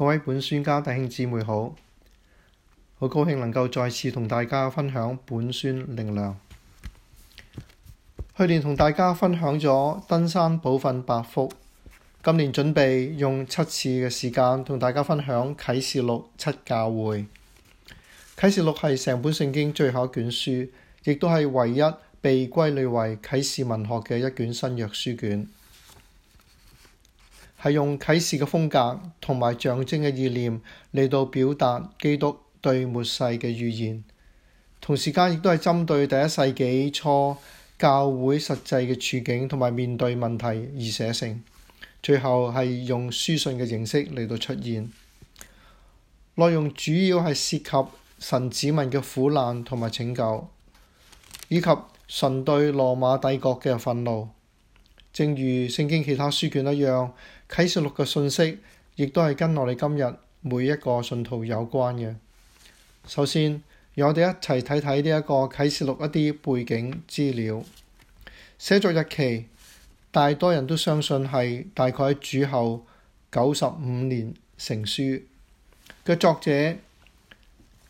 各位本宣家弟兄姊妹好，好高興能夠再次同大家分享本宣靈糧。去年同大家分享咗登山寶訓百福，今年準備用七次嘅時間同大家分享啟示錄七教會。啟示錄係成本聖經最後一卷書，亦都係唯一被歸類為啟示文學嘅一卷新約書卷。係用啟示嘅風格同埋象徵嘅意念嚟到表達基督對末世嘅預言，同時間亦都係針對第一世紀初教會實際嘅處境同埋面對問題而寫成。最後係用書信嘅形式嚟到出現，內容主要係涉及神子民嘅苦難同埋拯救，以及神對羅馬帝國嘅憤怒。正如聖經其他書卷一樣，《啟示錄》嘅信息亦都係跟我哋今日每一個信徒有關嘅。首先，讓我哋一齊睇睇呢一個《啟示錄》一啲背景資料。寫作日期大多人都相信係大概喺主後九十五年成書。個作者，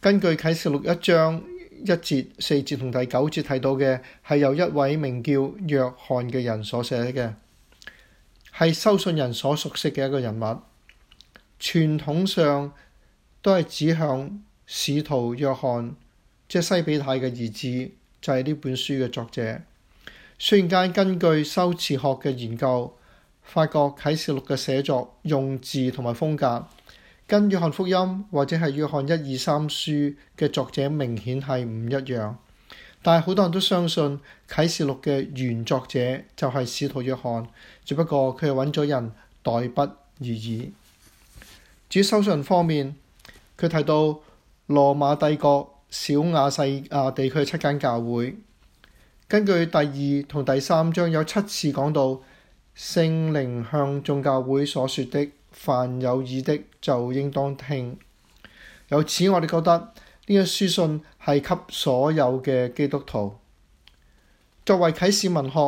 根據《啟示錄》一章，一節、四節同第九節睇到嘅係由一位名叫約翰嘅人所寫嘅，係收信人所熟悉嘅一個人物。傳統上都係指向使徒約翰，即西比太嘅兒子，就係、是、呢本書嘅作者。雖然間根據修辭學嘅研究，發覺啟示錄嘅寫作用字同埋風格，跟《約翰福音》或者係《約翰一二三書》嘅作者明顯係唔一樣，但係好多人都相信《啟示錄》嘅原作者就係使徒約翰，只不過佢係揾咗人代筆而已。至於收信人方面，佢提到羅馬帝國小亞細亞地區嘅七間教會，根據第二同第三章有七次講到聖靈向眾教會所說的。凡有耳的就應當聽。由此我哋覺得呢個書信係給所有嘅基督徒作為啟示文學，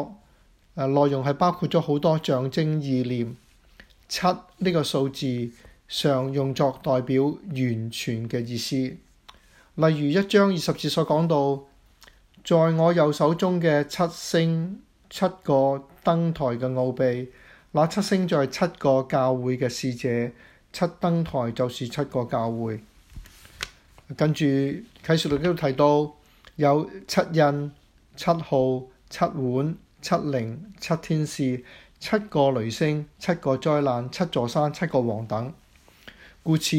內容係包括咗好多象徵意念。七呢個數字常用作代表完全嘅意思。例如一章二十節所講到，在我右手中嘅七星，七個燈臺嘅奧秘。那七星就係七個教會嘅使者，七登台就是七個教會。跟住啟示錄都提到有七印、七號、七碗、七靈、七天使、七個雷聲、七個災難、七座山、七個王等。故此，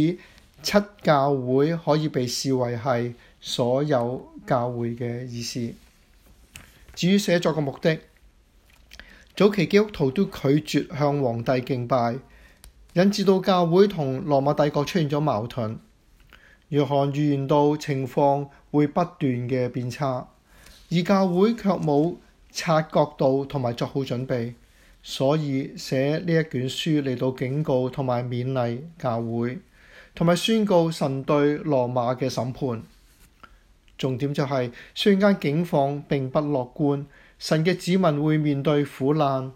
七教會可以被視為係所有教會嘅意思。至於寫作嘅目的。早期基督徒都拒絕向皇帝敬拜，引致到教會同羅馬帝國出現咗矛盾。約翰預言到情況會不斷嘅變差，而教會卻冇察覺到同埋作好準備，所以寫呢一卷書嚟到警告同埋勉勵教會，同埋宣告神對羅馬嘅審判。重點就係、是，雖然間境況並不樂觀。神嘅子民會面對苦難，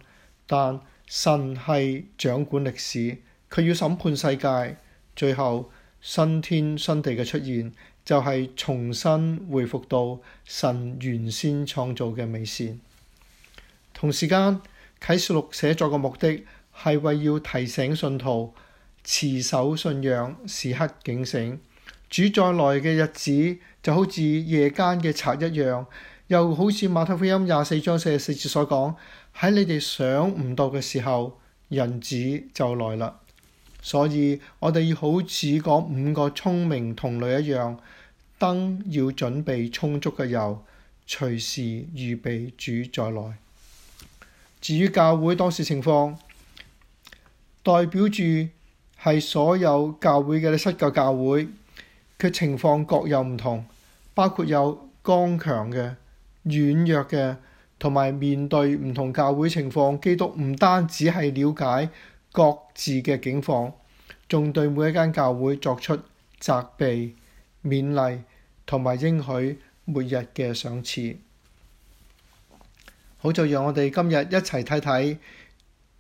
但神係掌管歷史，佢要審判世界。最後新天新地嘅出現，就係、是、重新恢復到神原先創造嘅美善。同時間，啟示錄寫作嘅目的係為要提醒信徒持守信仰，時刻警醒。主再來嘅日子，就好似夜間嘅賊一樣。又好似馬太福音廿四章四十四節所講，喺你哋想唔到嘅時候，人子就來啦。所以我哋要好似嗰五個聰明同類聰明童女一樣，燈要準備充足嘅油，隨時預備主再來。至於教會當時情況，代表住係所有教會嘅七個教會，佢情況各有唔同，包括有剛強嘅。軟弱嘅，同埋面對唔同教會情況，基督唔單止係了解各自嘅境況，仲對每一間教會作出責備、勉勵同埋應許末日嘅賞賜。好，就讓我哋今日一齊睇睇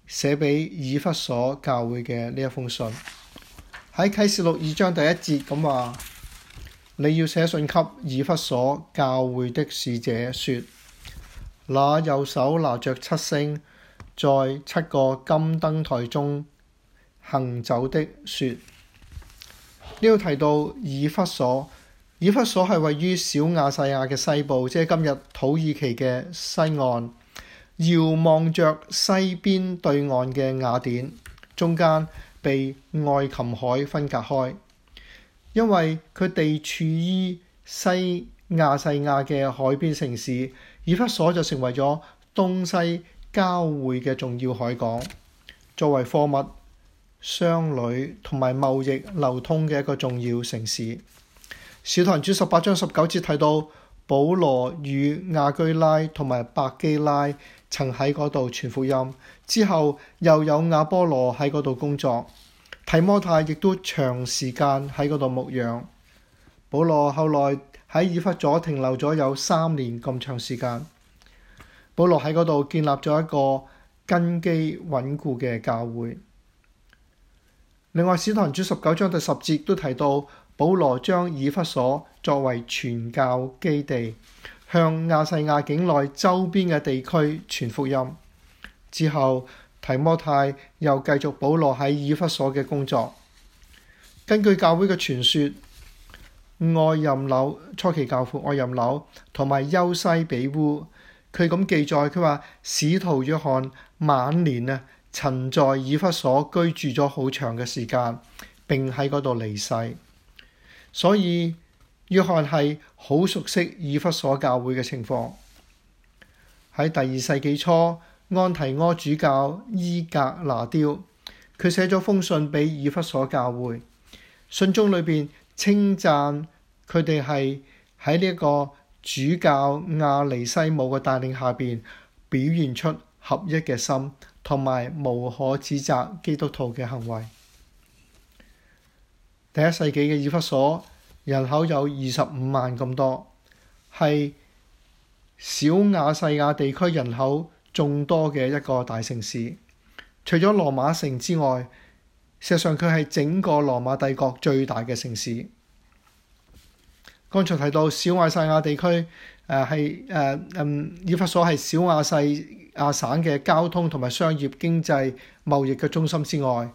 寫俾以弗所教會嘅呢一封信，喺啟示錄二章第一節噉話。你要寫信給以弗所教會的使者說，說那右手拿着七星，在七個金燈台中行走的說。說，呢度提到以弗所，以弗所係位於小亞細亞嘅西部，即係今日土耳其嘅西岸，遙望著西邊對岸嘅雅典，中間被愛琴海分隔開。因為佢哋處於西亞細亞嘅海邊城市，以弗所就成為咗東西交匯嘅重要海港，作為貨物、商旅同埋貿易流通嘅一個重要城市。小堂主十八章十九節睇到，保羅與亞居拉同埋百基拉曾喺嗰度傳福音，之後又有亞波羅喺嗰度工作。提摩太亦都長時間喺嗰度牧養。保羅後來喺以弗所停留咗有三年咁長時間。保羅喺嗰度建立咗一個根基穩固嘅教會。另外，使徒行傳十九章第十節都提到，保羅將以弗所作為傳教基地，向亞細亞境內周邊嘅地區傳福音。之後提摩太又繼續保羅喺以弗所嘅工作。根據教會嘅傳說，愛任紐初期教父愛任紐同埋優西比烏，佢咁記載，佢話使徒約翰晚年啊，曾在以弗所居住咗好長嘅時間，並喺嗰度離世。所以約翰係好熟悉以弗所教會嘅情況。喺第二世紀初，安提阿主教伊格拿雕，佢寫咗封信俾以弗所教會，信中裏邊稱讚佢哋係喺呢一個主教亞尼西姆嘅帶領下邊表現出合一嘅心，同埋無可指責基督徒嘅行為。第一世紀嘅以弗所人口有二十五萬咁多，係小亞細亞地區人口眾多嘅一個大城市，除咗羅馬城之外，事實上佢係整個羅馬帝國最大嘅城市。剛才提到小亞細亞地區，誒係誒嗯，以弗所係小亞細亞省嘅交通同埋商業經濟貿易嘅中心之外，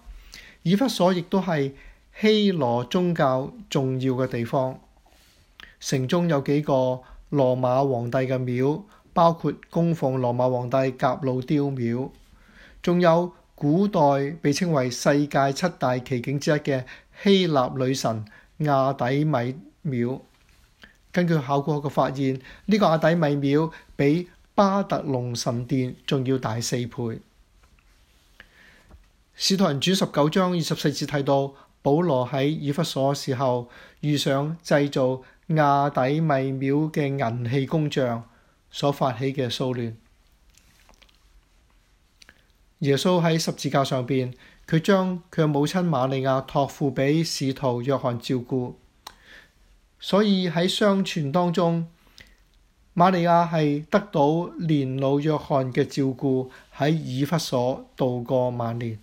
以弗所亦都係希羅宗教重要嘅地方。城中有幾個羅馬皇帝嘅廟。包括供奉羅馬皇帝甲路雕廟，仲有古代被稱為世界七大奇景之一嘅希臘女神亞底米廟。根據考古學嘅發現，呢個亞底米廟比巴特龍神殿仲要大四倍。使徒行傳十九章二十四節提到保羅喺以弗所時候遇上製造亞底米廟嘅銀器工匠，所發起嘅騷亂。耶穌喺十字架上邊，佢將佢母親瑪利亞託付俾使徒約翰照顧，所以喺相傳當中，瑪利亞係得到年老約翰嘅照顧，喺以弗所度過晚年。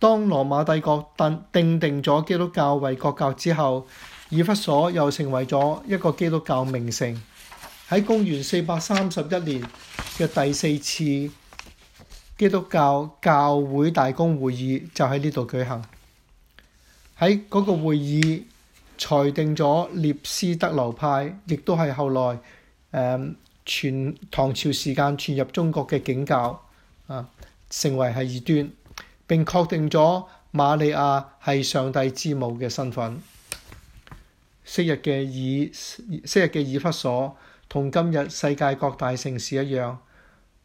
當羅馬帝國定定咗基督教為國教之後，以弗所又成為咗一個基督教名城。喺公元四百三十一年嘅第四次基督教教會大公會議就喺呢度舉行。喺嗰個會議裁定咗聶斯德流派，亦都係後來誒傳、呃、唐朝時間傳入中國嘅景教啊，成為係異端。並確定咗瑪利亞係上帝之母嘅身份。昔日嘅以昔日嘅以弗所。同今日世界各大城市一樣，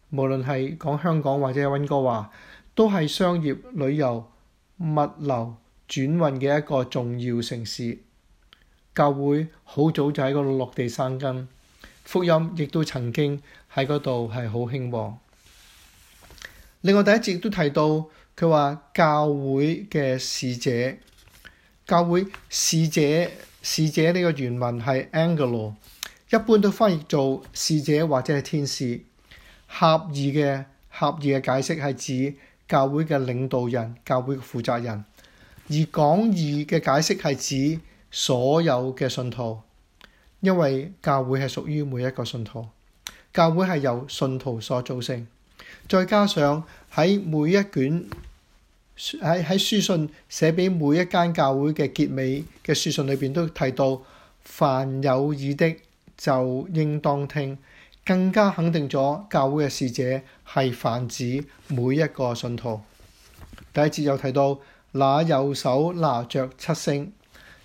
無論係講香港或者溫哥華，都係商業、旅遊、物流轉運嘅一個重要城市。教會好早就喺度落地生根，福音亦都曾經喺嗰度係好興旺。另外第一節都提到，佢話教會嘅使者，教會使者使者呢個原文係 Angelo。一般都翻譯做使者或者係天使。狹義嘅狹義嘅解釋係指教會嘅領導人、教會嘅負責人，而廣義嘅解釋係指所有嘅信徒，因為教會係屬於每一個信徒，教會係由信徒所組成。再加上喺每一卷喺喺書信寫俾每一間教會嘅結尾嘅書信裏邊都提到凡有耳的。就應當聽，更加肯定咗教會嘅使者係泛指每一個信徒。第一節又提到拿右手拿着七星，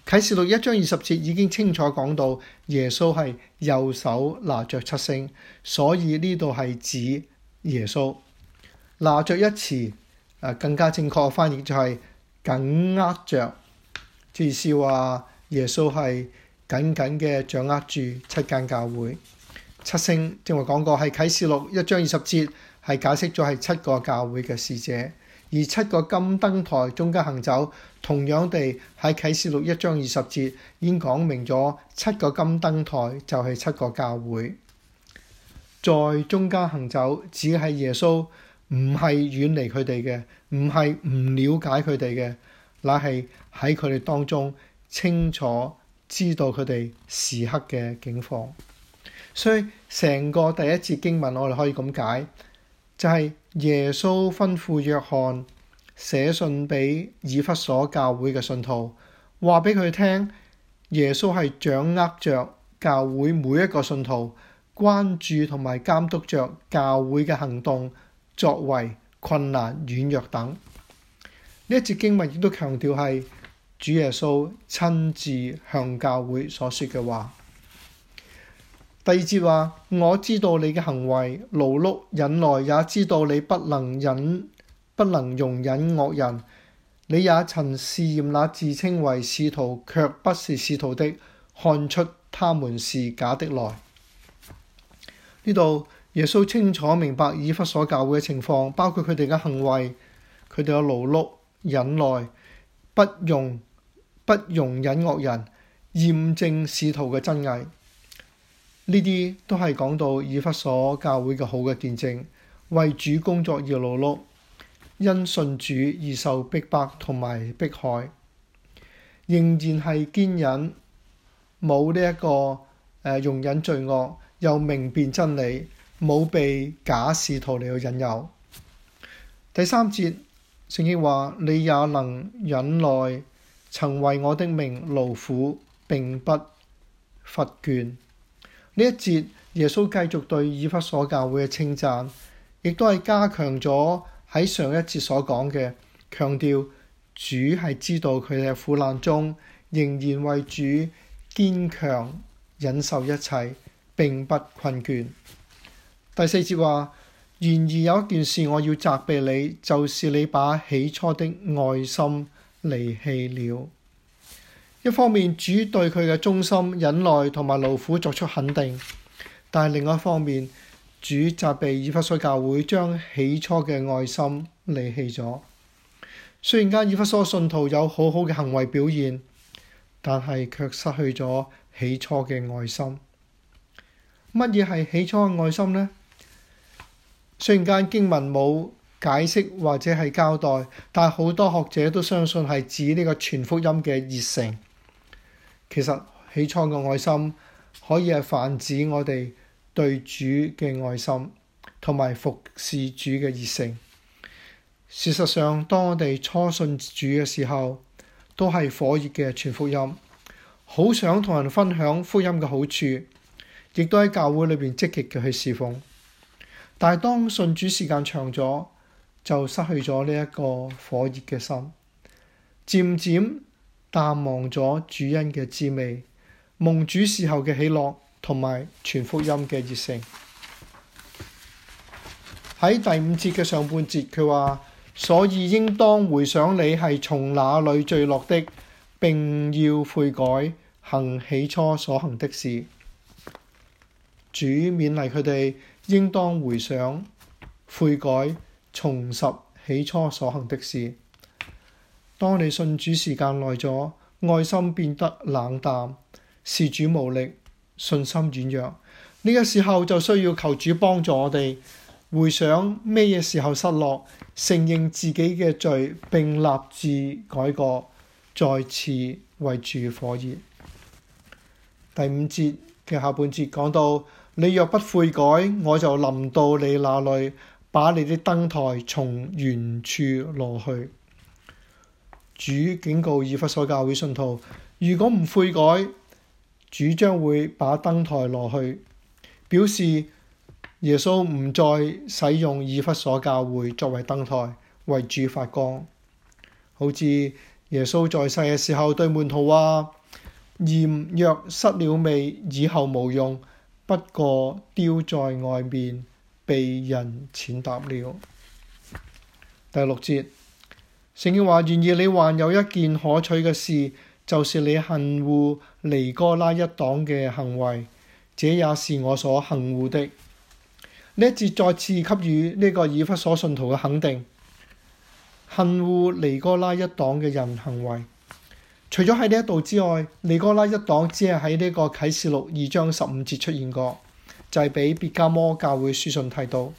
啟示錄一章二十節已經清楚講到耶穌係右手拿着七星，所以呢度係指耶穌。拿着一詞更加正確嘅翻譯就係「緊握着」，即係話耶穌係。緊緊嘅掌握住七間教會七星講，正話講過係啟示錄一章二十節係解釋咗係七個教會嘅使者。而七個金燈台中間行走，同樣地喺啟示錄一章二十節已經講明咗七個金燈台就係七個教會，在中間行走，只係耶穌唔係遠離佢哋嘅，唔係唔了解佢哋嘅，乃係喺佢哋當中清楚。知道佢哋時刻嘅境況，所以成個第一節經文我哋可以咁解，就係耶穌吩咐約翰寫信俾以弗所教會嘅信徒，話俾佢聽，耶穌係掌握着教會每一個信徒，關注同埋監督着教會嘅行動、作為困難軟弱等。呢一節經文亦都強調係。主耶穌親自向教會所說嘅話，第二節話：我知道你嘅行為、勞碌、忍耐，也知道你不能忍、不能容忍惡人。你也曾試驗那自稱為使徒卻不是使徒的，看出他們是假的來。呢度耶穌清楚明白以弗所教會嘅情況，包括佢哋嘅行為、佢哋嘅勞碌、忍耐、不容。不容忍惡人，驗證仕途嘅真偽，呢啲都係講到以弗所教會嘅好嘅見證，為主工作而勞碌，因信主而受逼迫同埋迫害，仍然係堅忍，冇呢一個誒容忍罪惡，又明辨真理，冇被假仕途嚟到引誘。第三節聖經話：你也能忍耐。曾為我的名勞苦，並不乏倦。呢一節耶穌繼續對以弗所教會嘅稱讚，亦都係加強咗喺上一節所講嘅，強調主係知道佢哋苦難中仍然為主堅強忍受一切，並不困倦。第四節話：然而有一件事我要責備你，就是你把起初的愛心。離棄了。一方面，主對佢嘅忠心、忍耐同埋勞苦作出肯定，但係另外一方面，主責備以弗所教會將起初嘅愛心離棄咗。雖然間以弗所信徒有好好嘅行為表現，但係卻失去咗起初嘅愛心。乜嘢係起初嘅愛心呢？雖然間經文冇解釋或者係交代，但係好多學者都相信係指呢個傳福音嘅熱誠。其實起初嘅愛心可以係泛指我哋對主嘅愛心，同埋服侍主嘅熱誠。事實上，當我哋初信主嘅時候，都係火熱嘅傳福音，好想同人分享福音嘅好處，亦都喺教會裏邊積極嘅去侍奉。但係當信主時間長咗，就失去咗呢一個火熱嘅心，漸漸淡忘咗主恩嘅滋味，蒙主時候嘅喜樂同埋全福音嘅熱誠。喺第五節嘅上半節，佢話：所以應當回想你係從哪裏墜落的，並要悔改，行起初所行的事。主勉勵佢哋，應當回想悔改。重拾起初所行的事。當你信主時間耐咗，愛心變得冷淡，事主無力，信心軟弱，呢、這個時候就需要求主幫助我哋回想咩嘢時候失落，承認自己嘅罪並立志改過，再次為主火熱。第五節嘅下半節講到：你若不悔改，我就臨到你那裏。把你的燈台從原處挪去，主警告以弗所教會信徒：如果唔悔改，主將會把燈台挪去，表示耶穌唔再使用以弗所教會作為燈台為主發光。好似耶穌在世嘅時候對門徒話：鹽若失了味，以後無用，不過丟在外面。被人踐踏了。第六節，聖經話：願意你還有一件可取嘅事，就是你恨惡尼哥拉一黨嘅行為，這也是我所恨惡的。呢一節再次給予呢個以弗所信徒嘅肯定，恨惡尼哥拉一黨嘅人行為。除咗喺呢一度之外，尼哥拉一黨只係喺呢個啟示錄二章十五節出現過。就係俾別迦摩教會書信提到，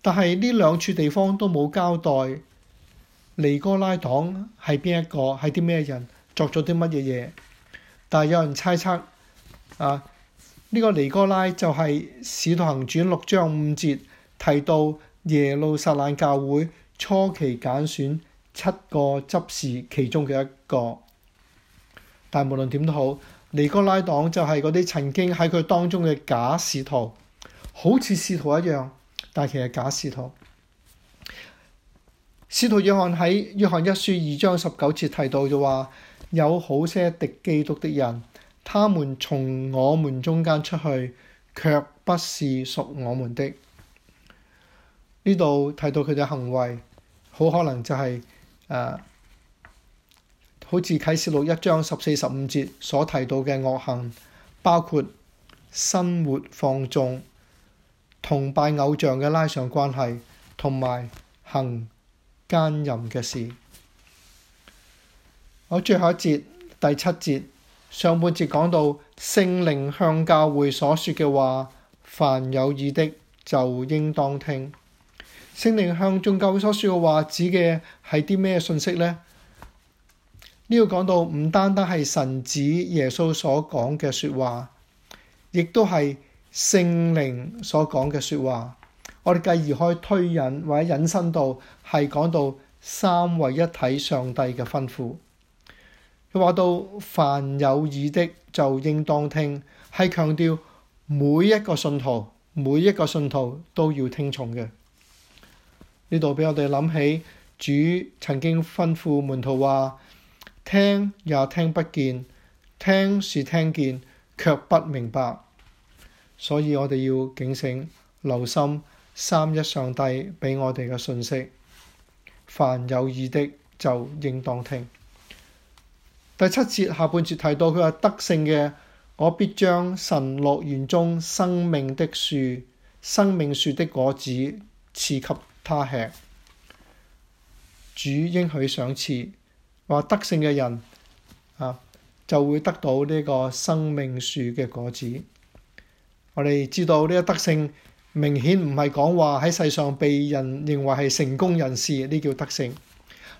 但係呢兩處地方都冇交代尼哥拉黨係邊一個，係啲咩人作咗啲乜嘢嘢。但係有人猜測，啊，呢、這個尼哥拉就係《使徒行傳》六章五節提到耶路撒冷教會初期揀選七個執事其中嘅一個。但係無論點都好。尼哥拉黨就係嗰啲曾經喺佢當中嘅假使徒，好似使徒一樣，但其實假使徒。使徒約翰喺約翰一書二章十九節提到就話：有好些敵基督的人，他們從我們中間出去，卻不是屬我們的。呢度提到佢嘅行為，好可能就係、是、誒。啊好似啟示錄一章十四十五節所提到嘅惡行，包括生活放縱、崇拜偶像嘅拉上關係，同埋行奸淫嘅事。好，最後一節第七節上半節講到聖靈向教會所說嘅話，凡有耳的就應當聽。聖靈向眾教會所說嘅話，指嘅係啲咩信息呢？呢度講到唔單單係神子耶穌所講嘅説話，亦都係聖靈所講嘅説話。我哋繼而可以推引或者引申到係講到三位一體上帝嘅吩咐。佢話到凡有耳的就應當聽，係強調每一個信徒每一個信徒都要聽從嘅。呢度俾我哋諗起主曾經吩咐門徒話。聽也聽不見，聽是聽見，卻不明白。所以我哋要警醒、留心三一上帝畀我哋嘅信息。凡有意的就應當聽。第七節下半節提到佢話，得勝嘅，我必將神樂園中生命的樹，生命樹的果子賜給他吃。主應許賞賜。話得勝嘅人啊，就會得到呢個生命樹嘅果子。我哋知道呢個得勝，明顯唔係講話喺世上被人認為係成功人士呢，叫得勝，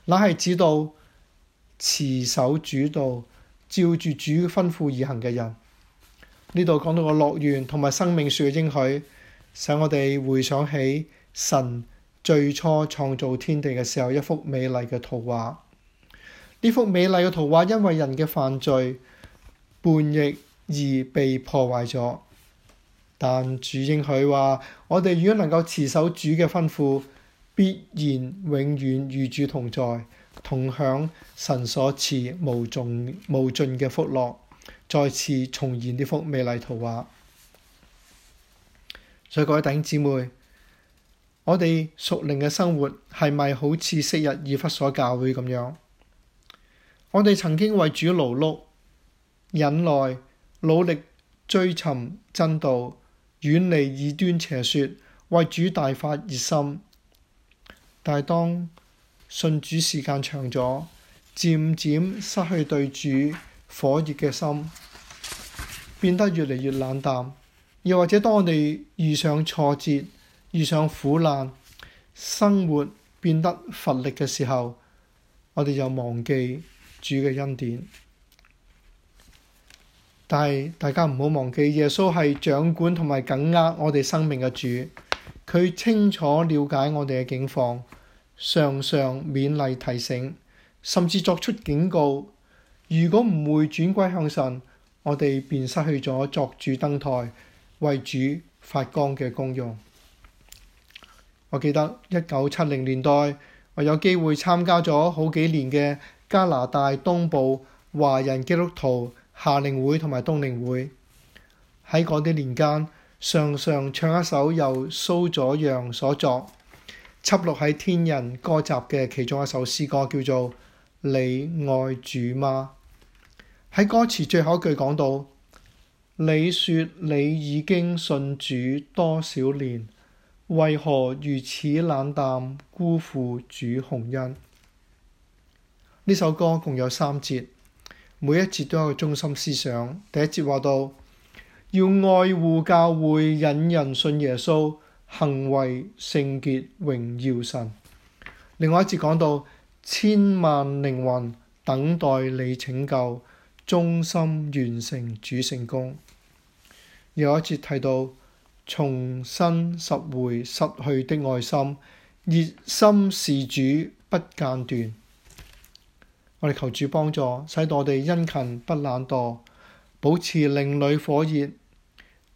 那係指到持守主道、照住主吩咐而行嘅人。呢度講到嘅樂園同埋生命樹嘅應許，使我哋回想起神最初創造天地嘅時候一幅美麗嘅圖畫。呢幅美麗嘅圖畫，因為人嘅犯罪叛逆而被破壞咗。但主應許話：我哋如果能夠持守主嘅吩咐，必然永遠與主同在，同享神所賜無盡無盡嘅福樂，再次重現呢幅美麗圖畫。所以各位弟兄姊妹，我哋屬靈嘅生活係咪好似昔日以弗所教會咁樣？我哋曾經為主勞碌、忍耐、努力追尋真道，遠離異端邪説，為主大發熱心。但係當信主時間長咗，漸漸失去對主火熱嘅心，變得越嚟越冷淡。又或者當我哋遇上挫折、遇上苦難、生活變得乏力嘅時候，我哋就忘記主嘅恩典，但係大家唔好忘記耶穌係掌管同埋緊握我哋生命嘅主，佢清楚了解我哋嘅境況，常常勉勵提醒，甚至作出警告。如果唔會轉歸向神，我哋便失去咗作主燈台為主發光嘅功用。我記得一九七零年代，我有機會參加咗好幾年嘅。加拿大東部華人基督徒夏令會同埋冬令會，喺嗰啲年間，常常唱一首由蘇佐揚所作輯錄喺《天人歌集》嘅其中一首詩歌，叫做《你愛主嗎》。喺歌詞最後一句講到：你說你已經信主多少年，為何如此冷淡，辜負主紅恩？呢首歌共有三節，每一節都有一個中心思想。第一節話到要愛護教會，引人信耶穌，行為聖潔，榮耀神。另外一節講到千萬靈魂等待你拯救，忠心完成主聖工」。又有一節提到重新拾回失去的愛心，熱心事主不間斷。我哋求主幫助，使到我哋殷勤不懶惰，保持靈裡火熱，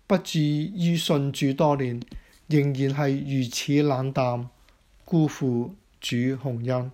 不至於信主多年，仍然係如此冷淡，辜負主鴻恩。